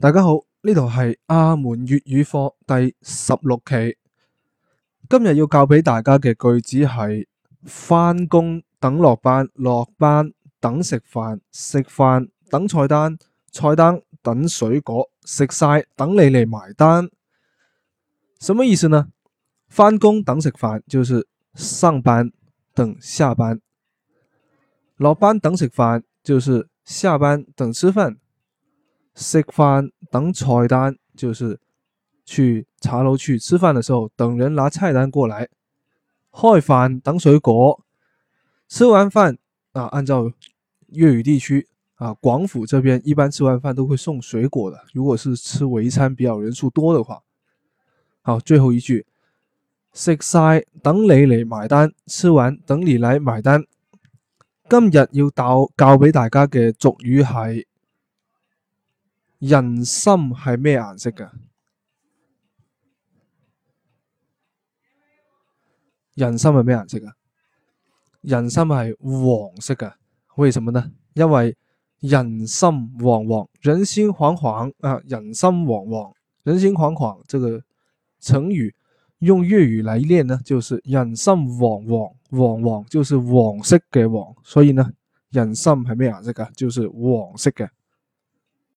大家好，呢度係阿門粵語課第十六期。今日要教俾大家嘅句子係：翻工等落班，落班等食飯，食飯等菜單，菜單等水果，食晒等你嚟埋單。什麼意思呢？翻工等食飯就是上班等下班，落班等食飯就是下班等吃飯。食飯等菜單，就是去茶樓去吃飯的時候，等人拿菜單過來。開飯等水果，吃完飯啊，按照粵語地區啊，廣府這邊一般吃完飯都會送水果的。如果是吃圍餐比較人數多的話，好，最後一句食晒等你嚟埋單，吃完等你來買單。今日要到教教俾大家嘅俗語係。人心係咩顏色噶？人心係咩顏色噶？人心係黃色噶。為什麼呢？因為人心惶惶，人心惶惶啊！人心惶惶，人心惶惶。這個成語用粵語嚟念呢，就是人心惶惶，惶惶就是黃色嘅黃。所以呢，人心係咩顏色噶？就是黃色嘅。